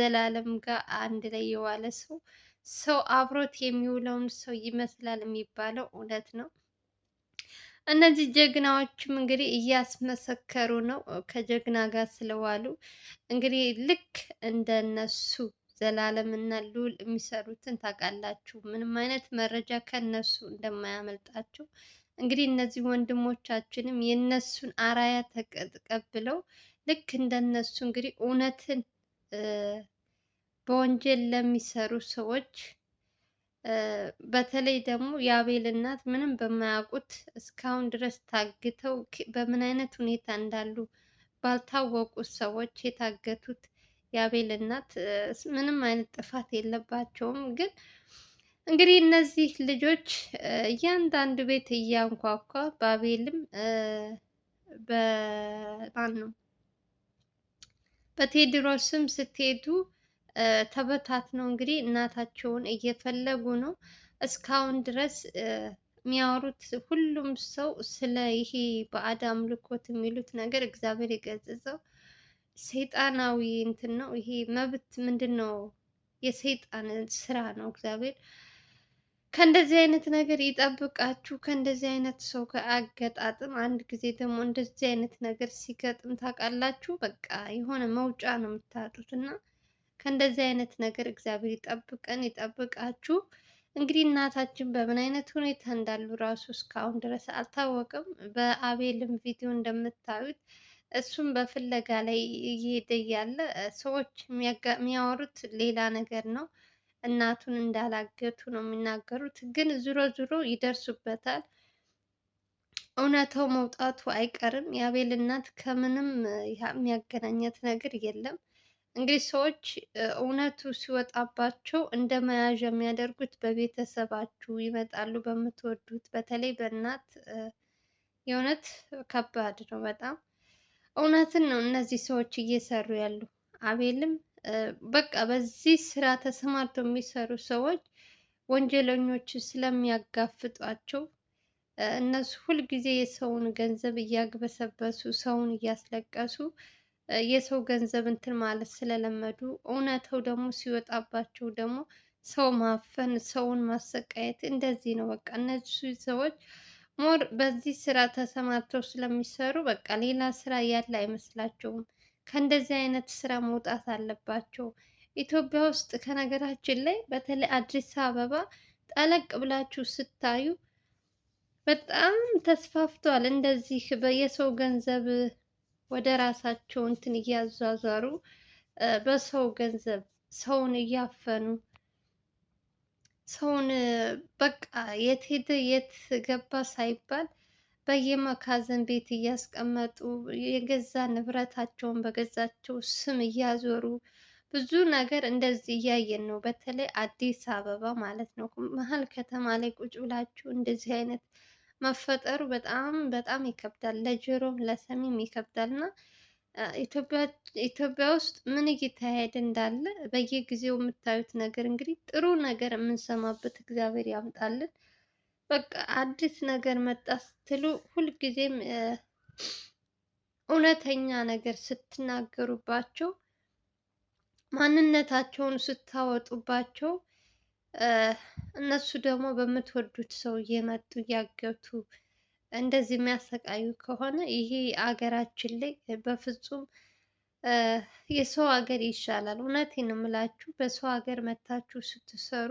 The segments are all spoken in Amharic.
ዘላለም ጋር አንድ ላይ የዋለ ሰው ሰው አብሮት የሚውለውን ሰው ይመስላል የሚባለው እውነት ነው። እነዚህ ጀግናዎችም እንግዲህ እያስመሰከሩ ነው ከጀግና ጋር ስለዋሉ። እንግዲህ ልክ እንደነሱ ዘላለም እና ልዑል የሚሰሩትን ታውቃላችሁ። ምንም አይነት መረጃ ከነሱ እንደማያመልጣቸው እንግዲህ እነዚህ ወንድሞቻችንም የነሱን አራያ ተቀብለው ልክ እንደነሱ እንግዲህ እውነትን በወንጀል ለሚሰሩ ሰዎች በተለይ ደግሞ የአቤል እናት ምንም በማያውቁት እስካሁን ድረስ ታግተው በምን አይነት ሁኔታ እንዳሉ ባልታወቁ ሰዎች የታገቱት የአቤል እናት ምንም አይነት ጥፋት የለባቸውም። ግን እንግዲህ እነዚህ ልጆች እያንዳንዱ ቤት እያንኳኳ በአቤልም በማን ነው በቴድሮስም ስትሄዱ ተበታትነው እንግዲህ እናታቸውን እየፈለጉ ነው። እስካሁን ድረስ የሚያወሩት ሁሉም ሰው ስለ ይሄ ባዕድ አምልኮት የሚሉት ነገር እግዚአብሔር የገሰጸው ሰይጣናዊ እንትን ነው። ይሄ መብት ምንድን ነው? የሰይጣን ስራ ነው። እግዚአብሔር ከእንደዚህ አይነት ነገር ይጠብቃችሁ፣ ከእንደዚህ አይነት ሰው ጋር አንድ ጊዜ ደግሞ እንደዚህ አይነት ነገር ሲገጥም ታውቃላችሁ፣ በቃ የሆነ መውጫ ነው የምታጡት እና ከእንደዚህ አይነት ነገር እግዚአብሔር ይጠብቀን ይጠብቃችሁ። እንግዲህ እናታችን በምን አይነት ሁኔታ እንዳሉ ራሱ እስካሁን ድረስ አልታወቅም። በአቤልም ቪዲዮ እንደምታዩት እሱም በፍለጋ ላይ እየሄደ እያለ ሰዎች የሚያወሩት ሌላ ነገር ነው። እናቱን እንዳላገቱ ነው የሚናገሩት፣ ግን ዙሮ ዙሮ ይደርሱበታል። እውነታው መውጣቱ አይቀርም። የአቤል እናት ከምንም የሚያገናኛት ነገር የለም። እንግዲህ ሰዎች እውነቱ ሲወጣባቸው እንደ መያዣ የሚያደርጉት በቤተሰባችሁ ይመጣሉ፣ በምትወዱት በተለይ በእናት የእውነት ከባድ ነው በጣም እውነትን ነው እነዚህ ሰዎች እየሰሩ ያሉ። አቤልም በቃ በዚህ ስራ ተሰማርተው የሚሰሩ ሰዎች ወንጀለኞች ስለሚያጋፍጧቸው እነሱ ሁልጊዜ የሰውን ገንዘብ እያግበሰበሱ ሰውን እያስለቀሱ የሰው ገንዘብ እንትን ማለት ስለለመዱ እውነተው ደግሞ ሲወጣባቸው ደግሞ ሰው ማፈን፣ ሰውን ማሰቃየት እንደዚህ ነው። በቃ እነዚህ ሰዎች ሞር በዚህ ስራ ተሰማርተው ስለሚሰሩ በቃ ሌላ ስራ ያለ አይመስላቸውም። ከእንደዚህ አይነት ስራ መውጣት አለባቸው። ኢትዮጵያ ውስጥ ከነገራችን ላይ በተለይ አዲስ አበባ ጠለቅ ብላችሁ ስታዩ በጣም ተስፋፍቷል። እንደዚህ የሰው ገንዘብ ወደ ራሳቸው እንትን እያዟዟሩ በሰው ገንዘብ ሰውን እያፈኑ ሰውን በቃ የት ሄደ የት ገባ ሳይባል በየመካዘን ቤት እያስቀመጡ የገዛ ንብረታቸውን በገዛቸው ስም እያዞሩ ብዙ ነገር እንደዚህ እያየን ነው። በተለይ አዲስ አበባ ማለት ነው። መሀል ከተማ ላይ ቁጭ ብላችሁ እንደዚህ አይነት መፈጠሩ በጣም በጣም ይከብዳል፣ ለጆሮም ለሰሚም ይከብዳል እና ኢትዮጵያ ውስጥ ምን እየተካሄደ እንዳለ በየጊዜው የምታዩት ነገር እንግዲህ ጥሩ ነገር የምንሰማበት እግዚአብሔር ያምጣልን። በቃ አዲስ ነገር መጣ ስትሉ ሁልጊዜም እውነተኛ ነገር ስትናገሩባቸው ማንነታቸውን ስታወጡባቸው እነሱ ደግሞ በምትወዱት ሰው እየመጡ እያገቱ እንደዚህ የሚያሰቃዩ ከሆነ ይሄ አገራችን ላይ በፍጹም የሰው ሀገር ይሻላል። እውነቴን የምላችሁ በሰው ሀገር መታችሁ ስትሰሩ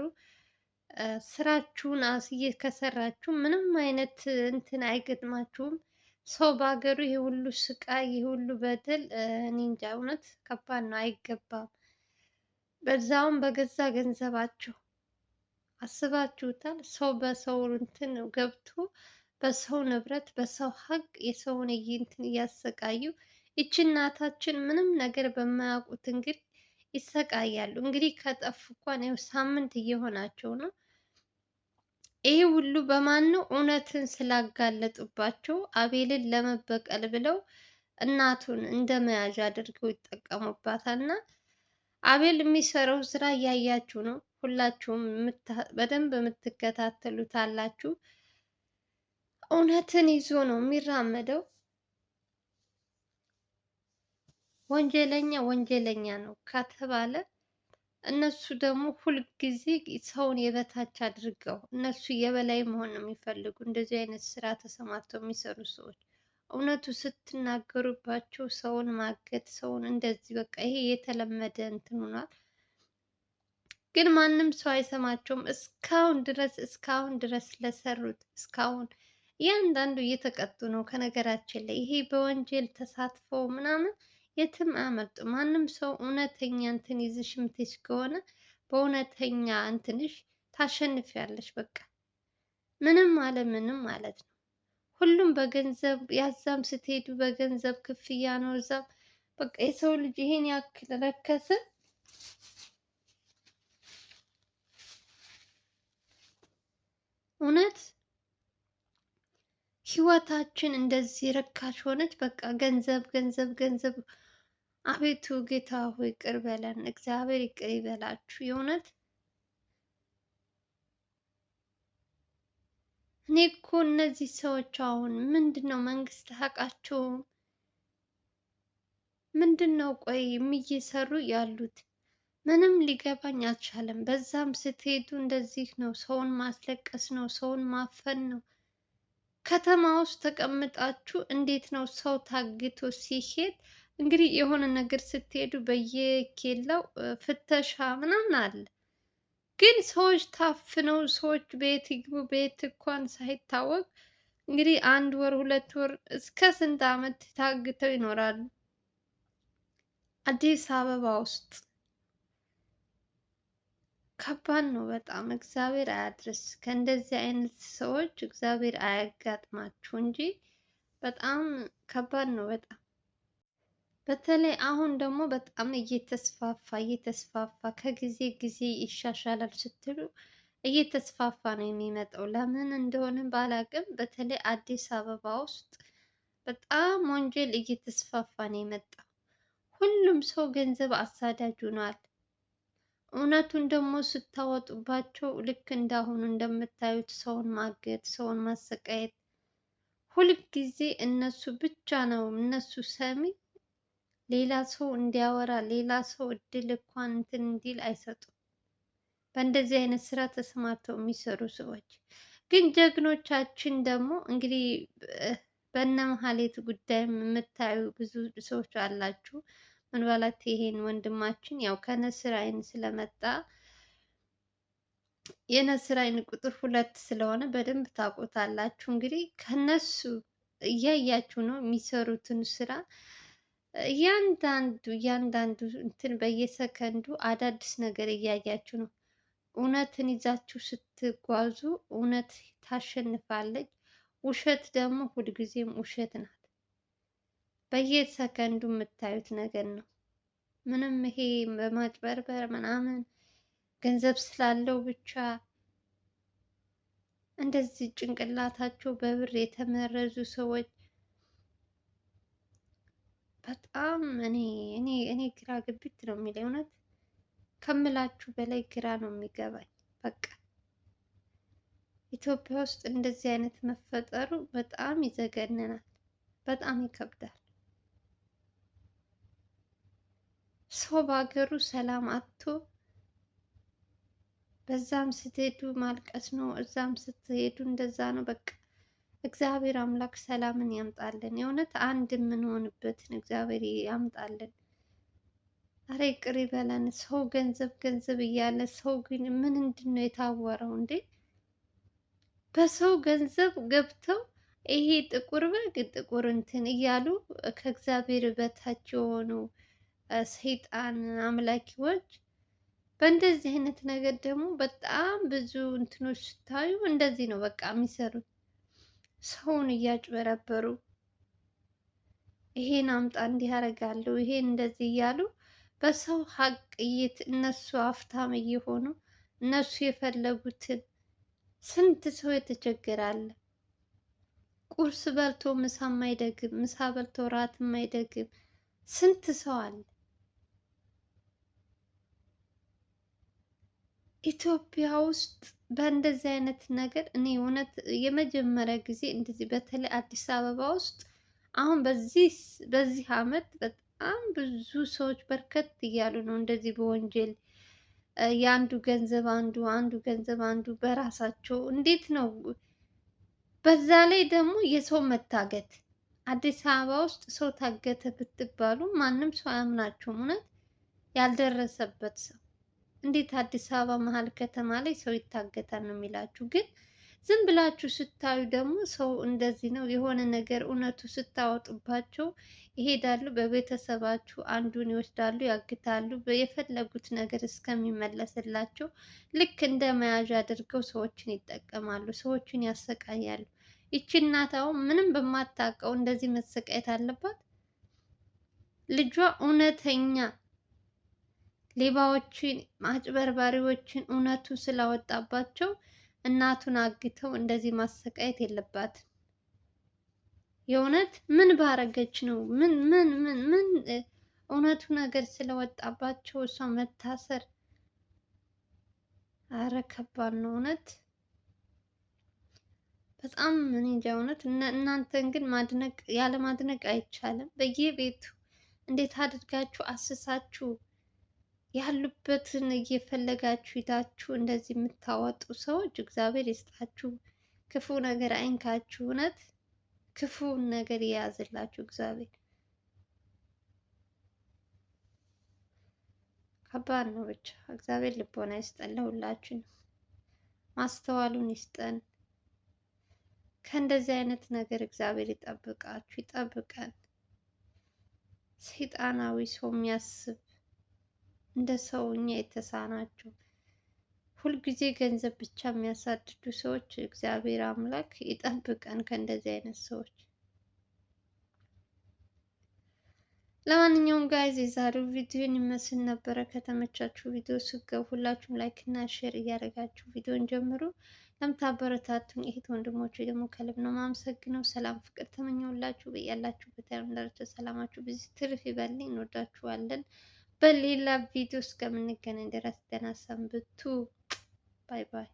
ስራችሁን አስዬ ከሰራችሁ ምንም አይነት እንትን አይገጥማችሁም። ሰው በሀገሩ ይሄ ሁሉ ስቃይ፣ ይሄ ሁሉ በደል እኔ እንጃ እውነት ከባድ ነው፣ አይገባም። በዛውም በገዛ ገንዘባቸው አስባችሁታል? ሰው በሰው እንትን ገብቶ በሰው ንብረት በሰው ሀቅ የሰውን እይንትን እያሰቃዩ ይቺ እናታችን ምንም ነገር በማያውቁት እንግዲህ ይሰቃያሉ። እንግዲህ ከጠፉ እንኳን ያው ሳምንት እየሆናቸው ነው። ይህ ሁሉ በማን ነው? እውነትን ስላጋለጡባቸው አቤልን ለመበቀል ብለው እናቱን እንደ መያዣ አድርገው ይጠቀሙባታል እና አቤል የሚሰራው ስራ እያያችሁ ነው። ሁላችሁም በደንብ የምትከታተሉት አላችሁ። እውነትን ይዞ ነው የሚራመደው። ወንጀለኛ ወንጀለኛ ነው ከተባለ እነሱ ደግሞ ሁልጊዜ ሰውን የበታች አድርገው እነሱ የበላይ መሆን ነው የሚፈልጉ። እንደዚህ አይነት ስራ ተሰማርተው የሚሰሩ ሰዎች እውነቱ ስትናገሩባቸው ሰውን ማገድ፣ ሰውን እንደዚህ በቃ ይሄ የተለመደ እንትን ሆኗል። ግን ማንም ሰው አይሰማቸውም። እስካሁን ድረስ እስካሁን ድረስ ለሰሩት እስካሁን እያንዳንዱ እየተቀጡ ነው። ከነገራችን ላይ ይሄ በወንጀል ተሳትፎ ምናምን የትም አያመልጡ። ማንም ሰው እውነተኛ እንትን ይዝሽ ምትሽ ከሆነ በእውነተኛ እንትንሽ ታሸንፊያለሽ። በቃ ምንም አለ ምንም ማለት ነው። ሁሉም በገንዘብ ያዛም ስትሄዱ በገንዘብ ክፍያ ነው እዛም በቃ የሰው ልጅ ይሄን ያክል ረከሰ እውነት ህይወታችን እንደዚህ ርካሽ ሆነች። በቃ ገንዘብ ገንዘብ ገንዘብ። አቤቱ ጌታ ሆይ ይቅር በለን። እግዚአብሔር ይቅር ይበላችሁ የእውነት እኔ እኮ እነዚህ ሰዎች አሁን ምንድን ነው መንግስት አያውቃቸውም? ምንድን ነው ቆይ የሚሰሩ ያሉት? ምንም ሊገባኝ አልቻለም። በዛም ስትሄዱ እንደዚህ ነው፣ ሰውን ማስለቀስ ነው፣ ሰውን ማፈን ነው። ከተማ ውስጥ ተቀምጣችሁ እንዴት ነው ሰው ታግቶ ሲሄድ እንግዲህ የሆነ ነገር ስትሄዱ በየኬላው ፍተሻ ምናምን አለ። ግን ሰዎች ታፍነው ሰዎች ቤት ይግቡ ቤት እንኳን ሳይታወቅ እንግዲህ አንድ ወር ሁለት ወር እስከ ስንት ዓመት ታግተው ይኖራሉ አዲስ አበባ ውስጥ። ከባድ ነው በጣም እግዚአብሔር አያድርስ። ከእንደዚህ አይነት ሰዎች እግዚአብሔር አያጋጥማችሁ እንጂ በጣም ከባድ ነው በጣም በተለይ አሁን ደግሞ በጣም እየተስፋፋ እየተስፋፋ ከጊዜ ጊዜ ይሻሻላል ስትሉ እየተስፋፋ ነው የሚመጣው። ለምን እንደሆነ ባላቅም በተለይ አዲስ አበባ ውስጥ በጣም ወንጀል እየተስፋፋ ነው የመጣው። ሁሉም ሰው ገንዘብ አሳዳጅ ሆኗል። እውነቱን ደግሞ ስታወጡባቸው ልክ እንዳሁኑ እንደምታዩት ሰውን ማገት፣ ሰውን ማሰቃየት፣ ሁልጊዜ እነሱ ብቻ ነው እነሱ ሰሚ፣ ሌላ ሰው እንዲያወራ ሌላ ሰው እድል እንኳን እንትን እንዲል አይሰጡም። በእንደዚህ አይነት ስራ ተሰማርተው የሚሰሩ ሰዎች ግን ጀግኖቻችን ደግሞ እንግዲህ በእነ መሀሌት ጉዳይም የምታዩ ብዙ ሰዎች አላችሁ። ምናልባት ይሄን ወንድማችን ያው ከነስር አይን ስለመጣ የነስር አይን ቁጥር ሁለት ስለሆነ በደንብ ታውቁታላችሁ። እንግዲህ ከነሱ እያያችሁ ነው የሚሰሩትን ስራ እያንዳንዱ እያንዳንዱ እንትን በየሰከንዱ አዳዲስ ነገር እያያችሁ ነው። እውነትን ይዛችሁ ስትጓዙ እውነት ታሸንፋለች። ውሸት ደግሞ ሁልጊዜም ውሸት ናት። በየሰከንዱ የምታዩት ነገር ነው። ምንም ይሄ በማጭበርበር ምናምን ገንዘብ ስላለው ብቻ እንደዚህ ጭንቅላታቸው በብር የተመረዙ ሰዎች በጣም እኔ እኔ እኔ ግራ ግብት ነው የሚለኝ እውነት ከምላችሁ በላይ ግራ ነው የሚገባኝ። በቃ ኢትዮጵያ ውስጥ እንደዚህ አይነት መፈጠሩ በጣም ይዘገንናል፣ በጣም ይከብዳል። ሰው በሀገሩ ሰላም አጥቶ በዛም ስትሄዱ ማልቀስ ነው፣ እዛም ስትሄዱ እንደዛ ነው። በቃ እግዚአብሔር አምላክ ሰላምን ያምጣልን። የእውነት አንድ የምንሆንበትን እግዚአብሔር ያምጣልን። አረ ይቅር ይበለን። ሰው ገንዘብ ገንዘብ እያለ ሰው ግን ምን ነው የታወረው እንዴ? በሰው ገንዘብ ገብተው ይሄ ጥቁር በግ ጥቁር እንትን እያሉ ከእግዚአብሔር በታች የሆኑ ሰይጣን አምላኪዎች በእንደዚህ አይነት ነገር ደግሞ በጣም ብዙ እንትኖች ስታዩ እንደዚህ ነው በቃ የሚሰሩት፣ ሰውን እያጭበረበሩ ይሄን አምጣ እንዲህ ያደርጋለሁ ይሄን እንደዚህ እያሉ በሰው ሀቅ እነሱ አፍታም እየሆኑ እነሱ የፈለጉትን ስንት ሰው የተቸገረ አለ። ቁርስ በልቶ ምሳ የማይደግም ምሳ በልቶ ራት የማይደግም ስንት ሰው አለ። ኢትዮጵያ ውስጥ በእንደዚህ አይነት ነገር እኔ እውነት የመጀመሪያ ጊዜ እንደዚህ በተለይ አዲስ አበባ ውስጥ አሁን በዚህ በዚህ አመት በጣም ብዙ ሰዎች በርከት እያሉ ነው እንደዚህ በወንጀል የአንዱ ገንዘብ አንዱ አንዱ ገንዘብ አንዱ በራሳቸው እንዴት ነው? በዛ ላይ ደግሞ የሰው መታገት አዲስ አበባ ውስጥ ሰው ታገተ ብትባሉ ማንም ሰው አያምናቸውም። እውነት ያልደረሰበት ሰው እንዴት አዲስ አበባ መሀል ከተማ ላይ ሰው ይታገታል ነው የሚላችሁ። ግን ዝም ብላችሁ ስታዩ ደግሞ ሰው እንደዚህ ነው የሆነ ነገር እውነቱ ስታወጡባቸው ይሄዳሉ። በቤተሰባችሁ አንዱን ይወስዳሉ፣ ያግታሉ። የፈለጉት ነገር እስከሚመለስላቸው ልክ እንደ መያዣ አድርገው ሰዎችን ይጠቀማሉ፣ ሰዎችን ያሰቃያሉ። ይቺ እናት አሁን ምንም በማታውቀው እንደዚህ መሰቃየት አለባት ልጇ እውነተኛ ሌባዎችን ማጭበርባሪዎችን እውነቱ ስላወጣባቸው እናቱን አግተው እንደዚህ ማሰቃየት የለባትም። የእውነት ምን ባረገች ነው? ምን ምን ምን ምን እውነቱ ነገር ስለወጣባቸው እሷ መታሰር፣ አረ ከባድ ነው እውነት በጣም ምን እንጃ እውነት። እናንተን ግን ማድነቅ ያለ ማድነቅ አይቻልም። በየቤቱ እንዴት አድርጋችሁ አስሳችሁ ያሉበትን እየፈለጋችሁ ሂዳችሁ እንደዚህ የምታወጡ ሰዎች እግዚአብሔር ይስጣችሁ፣ ክፉ ነገር አይንካችሁ፣ እውነት ክፉን ነገር የያዝላችሁ እግዚአብሔር። ከባድ ነው ብቻ እግዚአብሔር ልቦና ይስጠን፣ ለሁላችን ማስተዋሉን ይስጠን። ከእንደዚህ አይነት ነገር እግዚአብሔር ይጠብቃችሁ፣ ይጠብቀን። ሰይጣናዊ ሰው የሚያስብ እንደ ሰው እኛ የተሳናቸው ሁልጊዜ ገንዘብ ብቻ የሚያሳድዱ ሰዎች እግዚአብሔር አምላክ ይጠብቀን ከእንደዚህ አይነት ሰዎች። ለማንኛውም ጋይዝ የዛሬው ቪዲዮን ይመስል ነበረ። ከተመቻችሁ ቪዲዮ ስገቡ ሁላችሁም ላይክ እና ሼር እያደረጋችሁ ቪዲዮን ጀምሩ። ለምታበረታቱኝ እህት ወንድሞቼ ደግሞ ከልብ ነው ማመሰግነው። ሰላም ፍቅር ተመኘሁላችሁ። በያላችሁበት ዳርቻ ሰላማችሁ ብዙ ትርፍ ይበልኝ። እንወዳችኋለን። በሌላ ቪዲዮ እስከምንገናኝ ድረስ ደህና ሰንብቱ። ባይ ባይ።